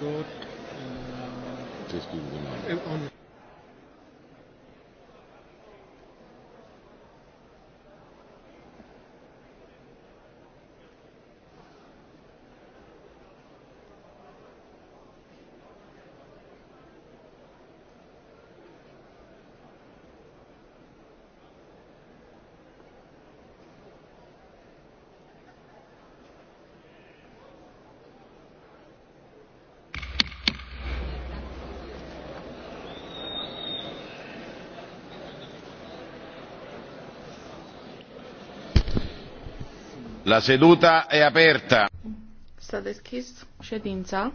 Dort. Äh, La seduta è aperta. S-a deschis ședința.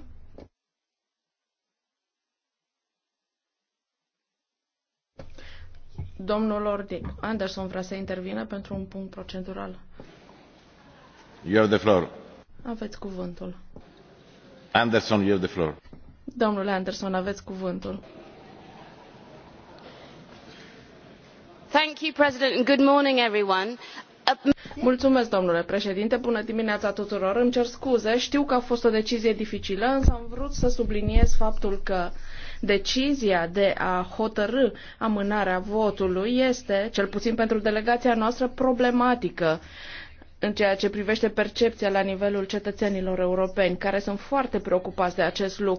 Domnul Lordi Anderson vrea să intervină pentru un punct procedural. You have the floor. Aveți cuvântul. Anderson, you have the floor. Domnule Anderson, aveți cuvântul. Thank you, President, and good morning, everyone. Mulțumesc, domnule președinte. Bună dimineața tuturor. Îmi cer scuze. Știu că a fost o decizie dificilă, însă am vrut să subliniez faptul că decizia de a hotărî amânarea votului este, cel puțin pentru delegația noastră, problematică în ceea ce privește percepția la nivelul cetățenilor europeni, care sunt foarte preocupați de acest lucru.